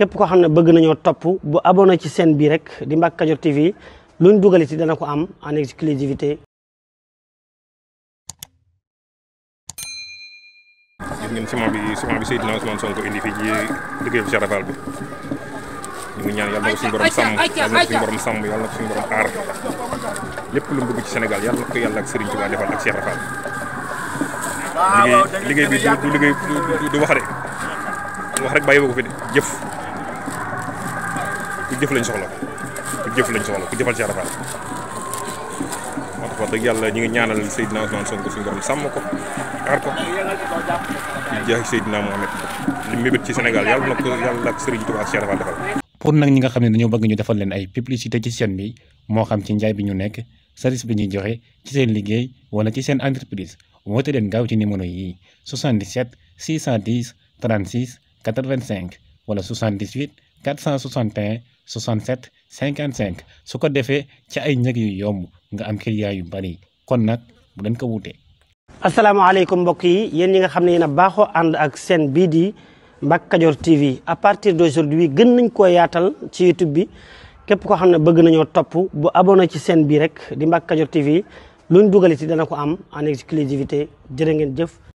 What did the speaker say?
képp koo xam ne bëgg nañoo topp bu abonné ci seen bi rek di Mbacke Kadior TV luñ dugal ci dana ko am en exclusivité gis ngeen ciment bi ciment bi Seydina Ousmane Sonko indi fii ci liggéeyu Cheikh bi ñu yàlla na ko lépp lu mu ci Sénégal yàlla na ko liggéey bi du liggéey du wax rek wax rek ko fi jëf ku jëf lañ soxla ku jëf lañ soxla ku jëfal Cheikh dëgg yàlla ñu ngi ñaanal Seydina Ousmane ko aar ko jeex Seydina Mohamed li ci Sénégal yàlla na ko ak Serigne Touba pour nag ñi nga xam ne dañoo bëgg ñu defal leen ay publicité ci seen bi moo xam ci njaay bi ñu nekk service bi ñuy joxe ci seen liggéey wala ci seen entreprise woote leen gaaw ci numéro yi 77 610 36 85 wala 78 461 67 55 su ko defee ci ay njëg yu yomb nga am client yu bari kon nag bu leen ko wute. asalaamaaleykum mbokk yi yéen yi nga xam ne yéen na baaxoo ànd ak seen bii di Mbacke Kadior TV à partir d'aujourd'hui gën nañ koo yaatal ci YouTube bi képp koo xam ne bëgg nañoo topp bu abonné ci seen bii rek di Mbacke Kadior TV luñ dugal ci dana ko am en exclusivité jërë ngeen jëf.